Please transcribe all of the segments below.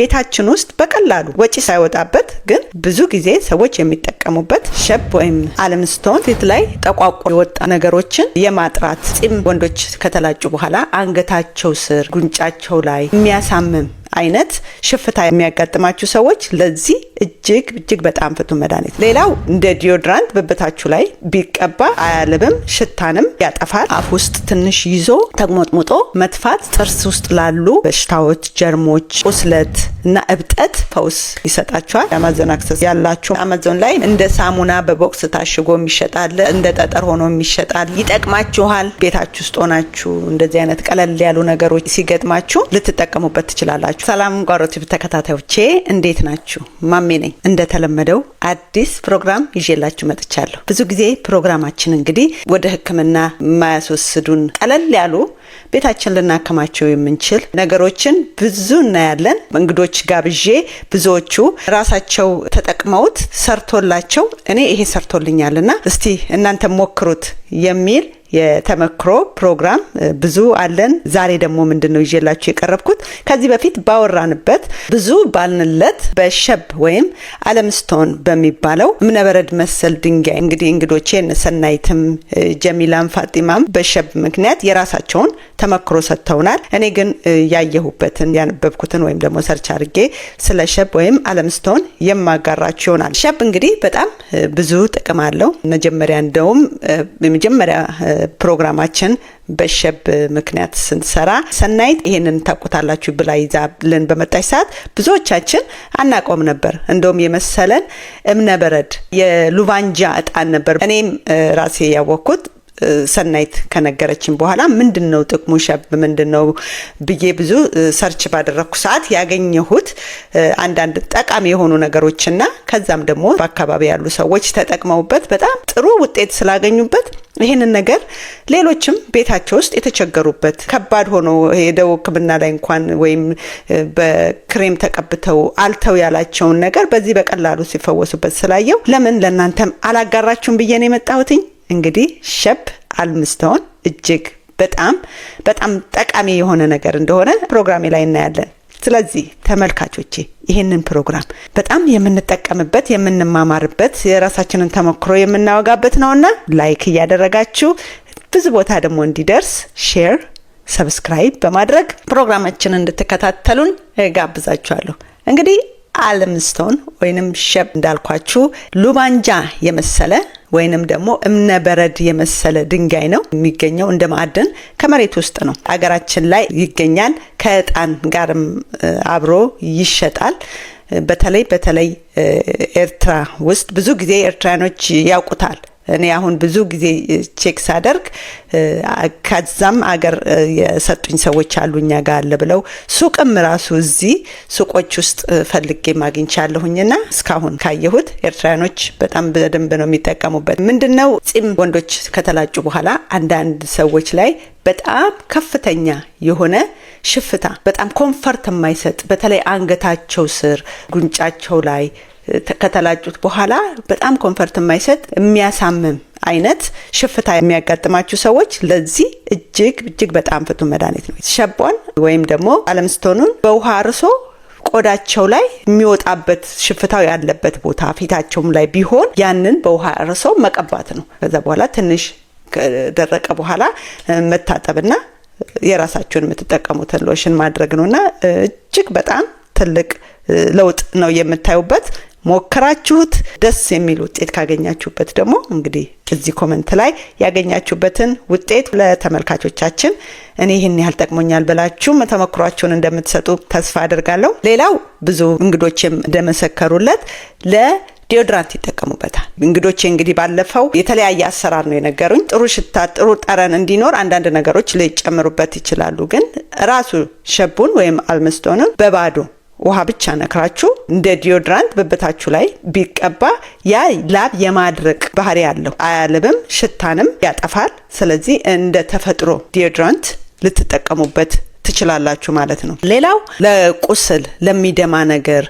ቤታችን ውስጥ በቀላሉ ወጪ ሳይወጣበት ግን ብዙ ጊዜ ሰዎች የሚጠቀሙበት ሸብ ወይም አለም ስቶን ፊት ላይ ጠቋቁ የወጣ ነገሮችን የማጥራት ፂም ወንዶች ከተላጩ በኋላ አንገታቸው ስር ጉንጫቸው ላይ የሚያሳምም አይነት ሽፍታ የሚያጋጥማችሁ ሰዎች ለዚህ እጅግ እጅግ በጣም ፍቱን መድኃኒት። ሌላው እንደ ዲዮድራንት ብብታችሁ ላይ ቢቀባ አያልብም፣ ሽታንም ያጠፋል። አፍ ውስጥ ትንሽ ይዞ ተግሞጥሙጦ መትፋት ጥርስ ውስጥ ላሉ በሽታዎች፣ ጀርሞች፣ ቁስለት እና እብጠት ፈውስ ይሰጣችኋል። የአማዞን አክሰስ ያላችሁ አማዞን ላይ እንደ ሳሙና በቦክስ ታሽጎ የሚሸጣል፣ እንደ ጠጠር ሆኖ የሚሸጣል። ይጠቅማችኋል። ቤታችሁ ውስጥ ሆናችሁ እንደዚህ አይነት ቀለል ያሉ ነገሮች ሲገጥማችሁ ልትጠቀሙበት ትችላላችሁ። ሰላም ጓሮት ተከታታዮቼ እንዴት ናችሁ? ማሜ ነኝ። እንደተለመደው አዲስ ፕሮግራም ይዤላችሁ መጥቻለሁ። ብዙ ጊዜ ፕሮግራማችን እንግዲህ ወደ ሕክምና የማያስወስዱን ቀለል ያሉ ቤታችን ልናከማቸው የምንችል ነገሮችን ብዙ እናያለን። እንግዶች ጋብዤ ብዙዎቹ ራሳቸው ተጠቅመውት ሰርቶላቸው እኔ ይሄ ሰርቶልኛልና እስቲ እናንተ ሞክሩት የሚል የተመክሮ ፕሮግራም ብዙ አለን። ዛሬ ደግሞ ምንድን ነው ይዤላችሁ የቀረብኩት ከዚህ በፊት ባወራንበት ብዙ ባልንለት በሸብ ወይም አለምስቶን በሚባለው እብነበረድ መሰል ድንጋይ እንግዲህ እንግዶቼን ሰናይትም ጀሚላም ፋጢማም በሸብ ምክንያት የራሳቸውን ተመክሮ ሰጥተውናል። እኔ ግን ያየሁበትን ያነበብኩትን ወይም ደግሞ ሰርች አድርጌ ስለ ሸብ ወይም አለምስቶን የማጋራችሁ ይሆናል። ሸብ እንግዲህ በጣም ብዙ ጥቅም አለው። መጀመሪያ እንደውም የመጀመሪያ ፕሮግራማችን በሸብ ምክንያት ስንሰራ ሰናይት ይሄንን ታውቁታላችሁ ብላ ይዛልን በመጣች ሰዓት ብዙዎቻችን አናቆም ነበር። እንደውም የመሰለን እብነበረድ የሉቫንጃ እጣን ነበር። እኔም ራሴ ያወቅኩት ሰናይት ከነገረችን በኋላ ምንድን ነው ጥቅሙ ሸብ ምንድን ነው ብዬ ብዙ ሰርች ባደረግኩ ሰዓት ያገኘሁት አንዳንድ ጠቃሚ የሆኑ ነገሮችና ከዛም ደግሞ በአካባቢ ያሉ ሰዎች ተጠቅመውበት በጣም ጥሩ ውጤት ስላገኙበት ይህንን ነገር ሌሎችም ቤታቸው ውስጥ የተቸገሩበት ከባድ ሆኖ ሄደው ሕክምና ላይ እንኳን ወይም በክሬም ተቀብተው አልተው ያላቸውን ነገር በዚህ በቀላሉ ሲፈወሱበት ስላየው ለምን ለእናንተም አላጋራችሁም ብዬ ነው የመጣሁትኝ። እንግዲህ ሸፕ አልምስተውን እጅግ በጣም በጣም ጠቃሚ የሆነ ነገር እንደሆነ ፕሮግራሜ ላይ እናያለን። ስለዚህ ተመልካቾቼ ይህንን ፕሮግራም በጣም የምንጠቀምበት የምንማማርበት የራሳችንን ተሞክሮ የምናወጋበት ነውና ላይክ እያደረጋችሁ ብዙ ቦታ ደግሞ እንዲደርስ ሼር፣ ሰብስክራይብ በማድረግ ፕሮግራማችንን እንድትከታተሉን ጋብዛችኋለሁ። እንግዲህ አልምስቶን ወይንም ሸብ እንዳልኳችሁ ሉባንጃ የመሰለ ወይንም ደግሞ በረድ የመሰለ ድንጋይ ነው የሚገኘው። እንደ ማዕድን ከመሬት ውስጥ ነው። አገራችን ላይ ይገኛል። ከእጣን ጋርም አብሮ ይሸጣል። በተለይ በተለይ ኤርትራ ውስጥ ብዙ ጊዜ ኤርትራኖች ያውቁታል። እኔ አሁን ብዙ ጊዜ ቼክ ሳደርግ ከዛም አገር የሰጡኝ ሰዎች አሉ እኛ ጋር አለ ብለው ሱቅም ራሱ እዚህ ሱቆች ውስጥ ፈልጌ ማግኝቻለሁኝና እስካሁን ካየሁት ኤርትራኖች በጣም በደንብ ነው የሚጠቀሙበት። ምንድነው ጺም ወንዶች ከተላጩ በኋላ አንዳንድ ሰዎች ላይ በጣም ከፍተኛ የሆነ ሽፍታ በጣም ኮንፈርት የማይሰጥ በተለይ አንገታቸው ስር ጉንጫቸው ላይ ከተላጩት በኋላ በጣም ኮንፈርት የማይሰጥ የሚያሳምም አይነት ሽፍታ የሚያጋጥማችሁ ሰዎች ለዚህ እጅግ እጅግ በጣም ፍቱን መድኃኒት ነው። ሸቦን ወይም ደግሞ አለምስቶኑን በውሃ አርሶ ቆዳቸው ላይ የሚወጣበት ሽፍታው ያለበት ቦታ ፊታቸውም ላይ ቢሆን ያንን በውሃ አርሶ መቀባት ነው። ከዛ በኋላ ትንሽ ከደረቀ በኋላ መታጠብና የራሳችሁን የምትጠቀሙትን ሎሽን ማድረግ ነውና እጅግ በጣም ትልቅ ለውጥ ነው የምታዩበት። ሞከራችሁት ደስ የሚል ውጤት ካገኛችሁበት ደግሞ እንግዲህ እዚህ ኮመንት ላይ ያገኛችሁበትን ውጤት ለተመልካቾቻችን እኔ ይህን ያህል ጠቅሞኛል ብላችሁ ተሞክሯችሁን እንደምትሰጡ ተስፋ አድርጋለሁ። ሌላው ብዙ እንግዶችም እንደመሰከሩለት ለ ዲዮድራንት ይጠቀሙበታል። እንግዶቼ እንግዲህ ባለፈው የተለያየ አሰራር ነው የነገሩኝ። ጥሩ ሽታ፣ ጥሩ ጠረን እንዲኖር አንዳንድ ነገሮች ሊጨምሩበት ይችላሉ። ግን ራሱ ሸቡን ወይም አልምስቶንም በባዶ ውሃ ብቻ ነክራችሁ እንደ ዲዮድራንት ብብታችሁ ላይ ቢቀባ ያ ላብ የማድረቅ ባህሪ ያለው አያልብም፣ ሽታንም ያጠፋል። ስለዚህ እንደ ተፈጥሮ ዲዮድራንት ልትጠቀሙበት ትችላላችሁ ማለት ነው። ሌላው ለቁስል፣ ለሚደማ ነገር፣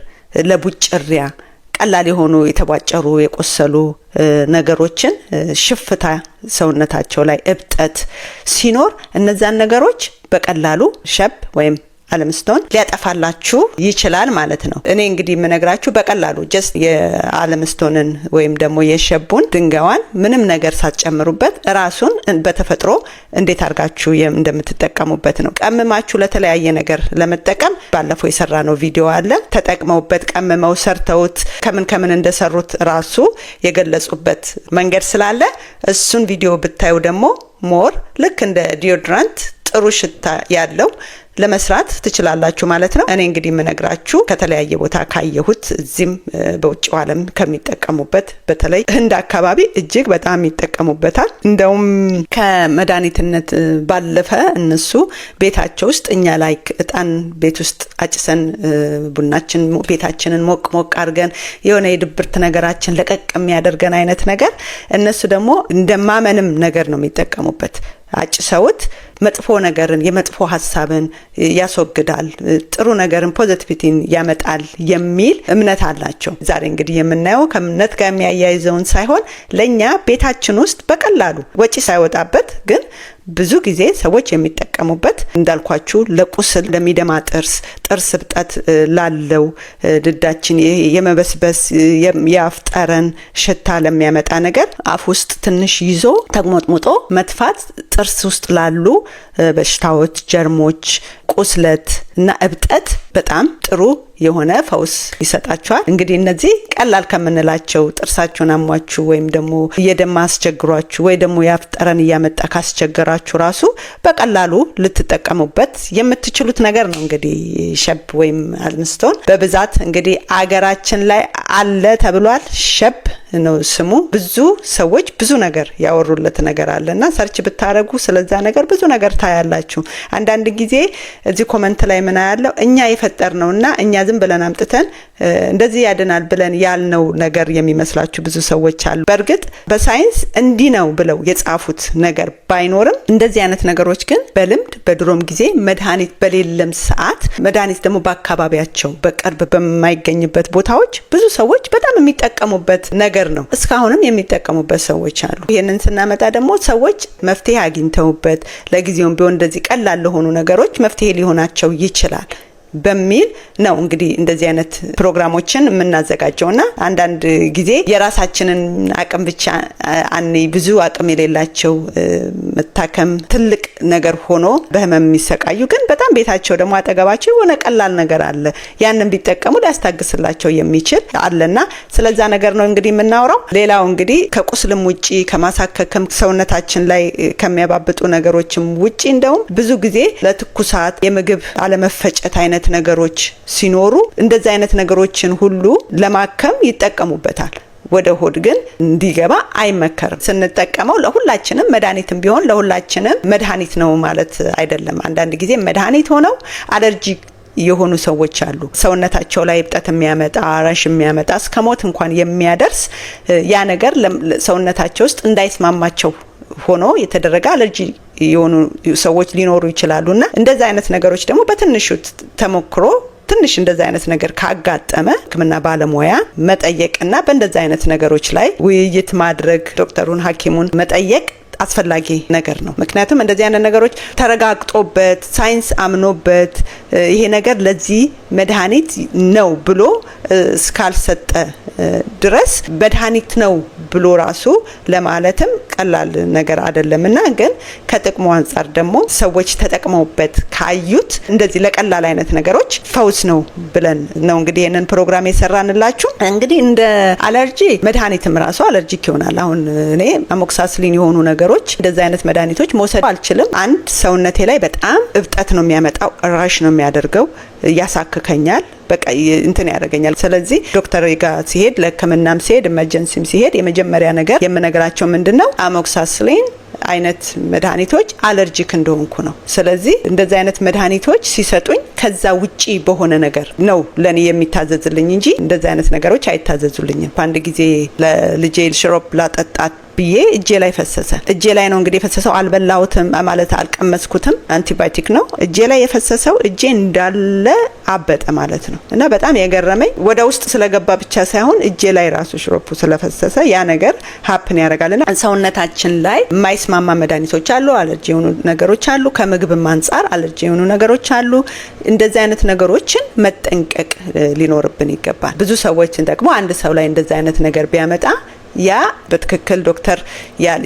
ለቡጭሪያ ቀላል የሆኑ የተቧጨሩ የቆሰሉ ነገሮችን ሽፍታ ሰውነታቸው ላይ እብጠት ሲኖር እነዛን ነገሮች በቀላሉ ሸብ ወይም አለምስቶን ሊያጠፋላችሁ ይችላል ማለት ነው። እኔ እንግዲህ የምነግራችሁ በቀላሉ ጀስት የአለምስቶንን ወይም ደግሞ የሸቡን ድንጋዋን ምንም ነገር ሳትጨምሩበት ራሱን በተፈጥሮ እንዴት አድርጋችሁ እንደምትጠቀሙበት ነው። ቀምማችሁ ለተለያየ ነገር ለመጠቀም ባለፈው የሰራ ነው ቪዲዮ አለ። ተጠቅመውበት ቀምመው ሰርተውት ከምን ከምን እንደሰሩት ራሱ የገለጹበት መንገድ ስላለ እሱን ቪዲዮ ብታዩ ደግሞ ሞር ልክ እንደ ዲዮድራንት ጥሩ ሽታ ያለው ለመስራት ትችላላችሁ ማለት ነው። እኔ እንግዲህ የምነግራችሁ ከተለያየ ቦታ ካየሁት እዚህም በውጭው ዓለም ከሚጠቀሙበት በተለይ ህንድ አካባቢ እጅግ በጣም ይጠቀሙበታል። እንደውም ከመድኃኒትነት ባለፈ እነሱ ቤታቸው ውስጥ እኛ ላይ እጣን ቤት ውስጥ አጭሰን ቡናችን ቤታችንን ሞቅ ሞቅ አድርገን የሆነ የድብርት ነገራችን ለቀቅ የሚያደርገን አይነት ነገር እነሱ ደግሞ እንደማመንም ነገር ነው የሚጠቀሙበት አጭሰውት መጥፎ ነገርን የመጥፎ ሀሳብን ያስወግዳል፣ ጥሩ ነገርን ፖዘቲቪቲን ያመጣል የሚል እምነት አላቸው። ዛሬ እንግዲህ የምናየው ከእምነት ጋር የሚያያይዘውን ሳይሆን ለእኛ ቤታችን ውስጥ በቀላሉ ወጪ ሳይወጣበት ግን ብዙ ጊዜ ሰዎች የሚጠቀሙበት እንዳልኳችሁ ለቁስል፣ ለሚደማ ጥርስ፣ ጥርስ እብጠት ላለው ድዳችን፣ የመበስበስ የአፍ ጠረን ሽታ ለሚያመጣ ነገር አፍ ውስጥ ትንሽ ይዞ ተግሞጥሙጦ መትፋት ጥርስ ውስጥ ላሉ በሽታዎች፣ ጀርሞች፣ ቁስለት እና እብጠት በጣም ጥሩ የሆነ ፈውስ ይሰጣቸዋል። እንግዲህ እነዚህ ቀላል ከምንላቸው ጥርሳችሁን አሟችሁ ወይም ደግሞ እየደማ አስቸግሯችሁ ወይ ደግሞ ያፍጠረን እያመጣ ካስቸገራችሁ ራሱ በቀላሉ ልትጠቀሙበት የምትችሉት ነገር ነው። እንግዲህ ሸብ ወይም አልምስቶን በብዛት እንግዲህ አገራችን ላይ አለ ተብሏል። ሸብ ነው ስሙ። ብዙ ሰዎች ብዙ ነገር ያወሩለት ነገር አለ እና ሰርች ብታረጉ ስለዛ ነገር ብዙ ነገር ታያላችሁ። አንዳንድ ጊዜ እዚህ ኮመንት ላይ ምን ያለው እኛ የፈጠር ነው እና እኛ ዝም ብለን አምጥተን እንደዚህ ያድናል ብለን ያልነው ነገር የሚመስላችሁ ብዙ ሰዎች አሉ። በእርግጥ በሳይንስ እንዲህ ነው ብለው የጻፉት ነገር ባይኖርም እንደዚህ አይነት ነገሮች ግን በልምድ በድሮም ጊዜ መድኃኒት በሌለም ሰዓት መድኃኒት ደግሞ በአካባቢያቸው በቅርብ በማይገኝበት ቦታዎች ብዙ ሰዎች በጣም የሚጠቀሙበት ነገር ነው። እስካሁንም የሚጠቀሙበት ሰዎች አሉ። ይህንን ስናመጣ ደግሞ ሰዎች መፍትሄ አግኝተውበት ለጊዜውም ቢሆን እንደዚህ ቀላል ለሆኑ ነገሮች መፍትሄ ሊሆናቸው ይችላል ይችላል። በሚል ነው እንግዲህ እንደዚህ አይነት ፕሮግራሞችን የምናዘጋጀው ና አንዳንድ ጊዜ የራሳችንን አቅም ብቻ አን ብዙ አቅም የሌላቸው መታከም ትልቅ ነገር ሆኖ በህመም የሚሰቃዩ ግን በጣም ቤታቸው ደግሞ አጠገባቸው የሆነ ቀላል ነገር አለ ያንን ቢጠቀሙ ሊያስታግስላቸው የሚችል አለና ስለዛ ነገር ነው እንግዲህ የምናወራው። ሌላው እንግዲህ ከቁስልም ውጪ ከማሳከክም ሰውነታችን ላይ ከሚያባብጡ ነገሮችም ውጪ እንደውም ብዙ ጊዜ ለትኩሳት የምግብ አለመፈጨት አይነት አይነት ነገሮች ሲኖሩ እንደዚህ አይነት ነገሮችን ሁሉ ለማከም ይጠቀሙበታል። ወደ ሆድ ግን እንዲገባ አይመከርም። ስንጠቀመው ለሁላችንም መድኃኒትም ቢሆን ለሁላችንም መድኃኒት ነው ማለት አይደለም። አንዳንድ ጊዜ መድኃኒት ሆነው አለርጂ የሆኑ ሰዎች አሉ። ሰውነታቸው ላይ እብጠት የሚያመጣ ራሽ የሚያመጣ እስከ ሞት እንኳን የሚያደርስ ያ ነገር ሰውነታቸው ውስጥ እንዳይስማማቸው ሆኖ የተደረገ አለርጂ የሆኑ ሰዎች ሊኖሩ ይችላሉ እና እንደዚ አይነት ነገሮች ደግሞ በትንሹ ተሞክሮ ትንሽ እንደዚ አይነት ነገር ካጋጠመ ህክምና ባለሙያ መጠየቅና በእንደዚ አይነት ነገሮች ላይ ውይይት ማድረግ ዶክተሩን ሀኪሙን መጠየቅ አስፈላጊ ነገር ነው። ምክንያቱም እንደዚህ አይነት ነገሮች ተረጋግጦበት ሳይንስ አምኖበት ይሄ ነገር ለዚህ መድኃኒት ነው ብሎ እስካልሰጠ ድረስ መድኃኒት ነው ብሎ ራሱ ለማለትም ቀላል ነገር አይደለም እና ግን ከጥቅሙ አንጻር ደግሞ ሰዎች ተጠቅመውበት ካዩት እንደዚህ ለቀላል አይነት ነገሮች ፈውስ ነው ብለን ነው እንግዲህ ይህንን ፕሮግራም የሰራንላችሁ። እንግዲህ እንደ አለርጂ መድኃኒትም ራሱ አለርጂክ ይሆናል። አሁን እኔ አሞክሳስሊን የሆኑ ነገር ነገሮች እንደዚህ አይነት መድኃኒቶች መውሰድ አልችልም። አንድ ሰውነቴ ላይ በጣም እብጠት ነው የሚያመጣው፣ ራሽ ነው የሚያደርገው፣ ያሳክከኛል፣ በቃ እንትን ያደርገኛል። ስለዚህ ዶክተር ጋ ሲሄድ ለህክምናም ሲሄድ ኤመርጀንሲም ሲሄድ የመጀመሪያ ነገር የምነግራቸው ምንድን ነው አሞክሳስሊን አይነት መድኃኒቶች አለርጂክ እንደሆንኩ ነው። ስለዚህ እንደዚህ አይነት መድኃኒቶች ሲሰጡኝ ከዛ ውጪ በሆነ ነገር ነው ለእኔ የሚታዘዝልኝ እንጂ እንደዚህ አይነት ነገሮች አይታዘዙልኝም። አንድ ጊዜ ለልጄ ሽሮፕ ላጠጣት ብዬ እጄ ላይ ፈሰሰ። እጄ ላይ ነው እንግዲህ የፈሰሰው። አልበላሁትም ማለት አልቀመስኩትም፣ አንቲባዮቲክ ነው እጄ ላይ የፈሰሰው። እጄ እንዳለ አበጠ ማለት ነው። እና በጣም የገረመኝ ወደ ውስጥ ስለገባ ብቻ ሳይሆን እጄ ላይ ራሱ ሽሮፑ ስለፈሰሰ ያ ነገር ሀፕን ያደርጋልና ሰውነታችን ላይ የማይስማማ መድኃኒቶች አሉ፣ አለርጂ የሆኑ ነገሮች አሉ፣ ከምግብም አንጻር አለርጂ የሆኑ ነገሮች አሉ። እንደዚህ አይነት ነገሮችን መጠንቀቅ ሊኖርብን ይገባል። ብዙ ሰዎችን ደግሞ አንድ ሰው ላይ እንደዚህ አይነት ነገር ቢያመጣ ያ በትክክል ዶክተር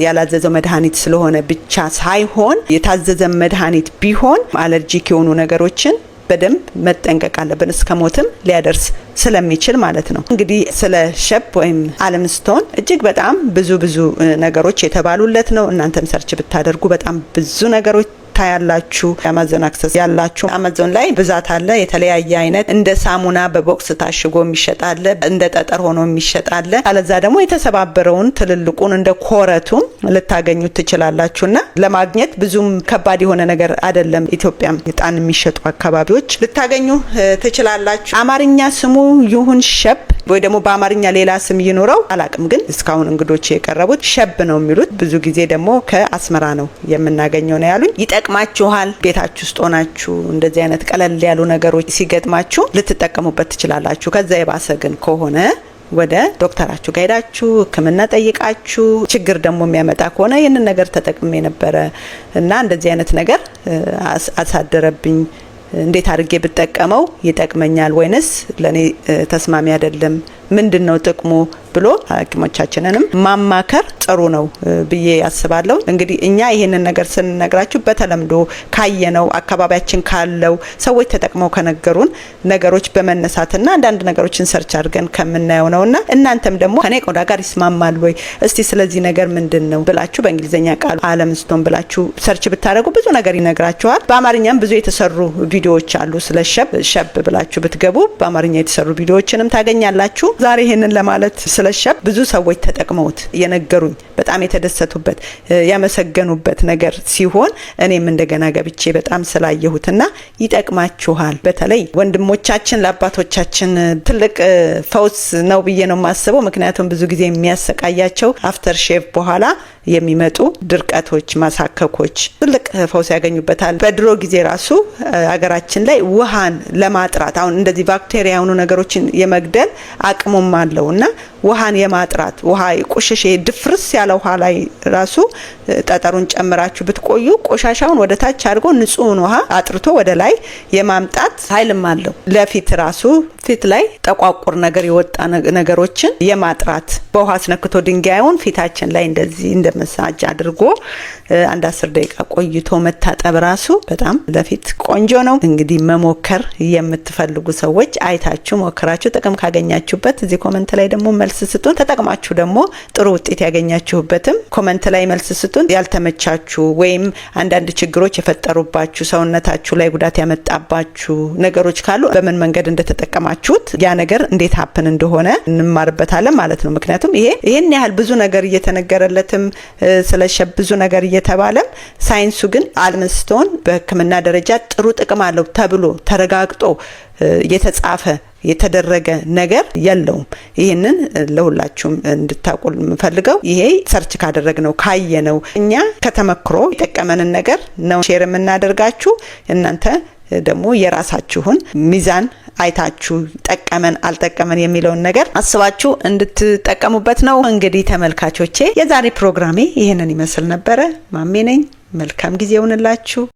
ያላዘዘው መድኃኒት ስለሆነ ብቻ ሳይሆን የታዘዘ መድኃኒት ቢሆን አለርጂክ የሆኑ ነገሮችን በደንብ መጠንቀቅ አለብን። እስከ ሞትም ሊያደርስ ስለሚችል ማለት ነው። እንግዲህ ስለ ሸፕ ወይም አልምስቶን እጅግ በጣም ብዙ ብዙ ነገሮች የተባሉለት ነው። እናንተም ሰርች ብታደርጉ በጣም ብዙ ነገሮች ታያላችሁ። የአማዞን አክሰስ ያላችሁ አማዞን ላይ ብዛት አለ። የተለያየ አይነት እንደ ሳሙና በቦክስ ታሽጎ የሚሸጣለ፣ እንደ ጠጠር ሆኖ የሚሸጣለ፣ አለዛ ደግሞ የተሰባበረውን ትልልቁን እንደ ኮረቱን ልታገኙ ትችላላችሁ። እና ለማግኘት ብዙም ከባድ የሆነ ነገር አይደለም። ኢትዮጵያም እጣን የሚሸጡ አካባቢዎች ልታገኙ ትችላላችሁ። አማርኛ ስሙ ይሁን ሸብ ወይ ደግሞ በአማርኛ ሌላ ስም ይኖረው አላቅም። ግን እስካሁን እንግዶች የቀረቡት ሸብ ነው የሚሉት ብዙ ጊዜ ደግሞ ከአስመራ ነው የምናገኘው ነው ያሉኝ። ይጠቅማችኋል። ቤታችሁ ውስጥ ሆናችሁ እንደዚህ አይነት ቀለል ያሉ ነገሮች ሲገጥማችሁ ልትጠቀሙበት ትችላላችሁ። ከዛ የባሰ ግን ከሆነ ወደ ዶክተራችሁ ጋር ሄዳችሁ ሕክምና ጠይቃችሁ ችግር ደግሞ የሚያመጣ ከሆነ ይህንን ነገር ተጠቅሜ ነበረ እና እንደዚህ አይነት ነገር አሳደረብኝ እንዴት አድርጌ ብጠቀመው ይጠቅመኛል ወይንስ ለእኔ ተስማሚ አይደለም ምንድን ነው ጥቅሙ ብሎ ሐኪሞቻችንንም ማማከር ጥሩ ነው ብዬ ያስባለሁ። እንግዲህ እኛ ይህንን ነገር ስንነግራችሁ በተለምዶ ካየነው አካባቢያችን ካለው ሰዎች ተጠቅመው ከነገሩን ነገሮች በመነሳትና አንዳንድ ነገሮችን ሰርች አድርገን ከምናየው ነውና እናንተም ደግሞ ከኔ ቆዳ ጋር ይስማማል ወይ እስቲ ስለዚህ ነገር ምንድን ነው ብላችሁ በእንግሊዝኛ ቃል አለም ስቶን ብላችሁ ሰርች ብታደርጉ ብዙ ነገር ይነግራችኋል። በአማርኛም ብዙ የተሰሩ ቪዲዮዎች አሉ። ስለ ሸብ ሸብ ብላችሁ ብትገቡ በአማርኛ የተሰሩ ቪዲዮዎችንም ታገኛላችሁ። ዛሬ ይሄንን ለማለት ስለሸብ ብዙ ሰዎች ተጠቅመውት የነገሩኝ በጣም የተደሰቱበት ያመሰገኑበት ነገር ሲሆን እኔም እንደገና ገብቼ በጣም ስላየሁትና ይጠቅማችኋል። በተለይ ወንድሞቻችን ለአባቶቻችን ትልቅ ፈውስ ነው ብዬ ነው የማስበው። ምክንያቱም ብዙ ጊዜ የሚያሰቃያቸው አፍተር ሼቭ በኋላ የሚመጡ ድርቀቶች፣ ማሳከኮች ትልቅ ፈውስ ያገኙበታል። በድሮ ጊዜ ራሱ አገራችን ላይ ውሃን ለማጥራት አሁን እንደዚህ ባክቴሪያ የሆኑ ነገሮችን የመግደል አቅም ጥቅሙም አለው እና ውሃን የማጥራት ውሃ ቆሸሸ ድፍርስ ያለ ውሃ ላይ ራሱ ጠጠሩን ጨምራችሁ ብትቆዩ ቆሻሻውን ወደ ታች አድርጎ ንጹህን ውሃ አጥርቶ ወደ ላይ የማምጣት ኃይልም አለው። ለፊት ራሱ ፊት ላይ ጠቋቁር ነገር የወጣ ነገሮችን የማጥራት በውሃ አስነክቶ ድንጋዩን ፊታችን ላይ እንደዚህ እንደ መሳጅ አድርጎ አንድ አስር ደቂቃ ቆይቶ መታጠብ ራሱ በጣም ለፊት ቆንጆ ነው። እንግዲህ መሞከር የምትፈልጉ ሰዎች አይታችሁ ሞክራችሁ ጥቅም ካገኛችሁበት እዚህ ኮመንት ላይ ደግሞ መልስ ስጡን። ተጠቅማችሁ ደግሞ ጥሩ ውጤት ያገኛችሁበትም ኮመንት ላይ መልስ ስጡን። ያልተመቻችሁ ወይም አንዳንድ ችግሮች የፈጠሩባችሁ ሰውነታችሁ ላይ ጉዳት ያመጣባችሁ ነገሮች ካሉ በምን መንገድ እንደተጠቀማችሁ ካጠናችሁት ያ ነገር እንዴት ሀፕን እንደሆነ እንማርበታለን ማለት ነው። ምክንያቱም ይሄ ይህን ያህል ብዙ ነገር እየተነገረለትም ስለሸብ ብዙ ነገር እየተባለም ሳይንሱ ግን አልምስቶን በሕክምና ደረጃ ጥሩ ጥቅም አለው ተብሎ ተረጋግጦ የተጻፈ የተደረገ ነገር የለውም። ይህንን ለሁላችሁም እንድታውቁ የምፈልገው ይሄ ሰርች ካየ ነው እኛ ከተመክሮ የጠቀመንን ነገር ነው ሼር የምናደርጋችሁ እናንተ ደግሞ የራሳችሁን ሚዛን አይታችሁ ጠቀመን አልጠቀመን የሚለውን ነገር አስባችሁ እንድትጠቀሙበት ነው። እንግዲህ ተመልካቾቼ የዛሬ ፕሮግራሜ ይህንን ይመስል ነበረ። ማሜ ነኝ። መልካም ጊዜ ይሁንላችሁ።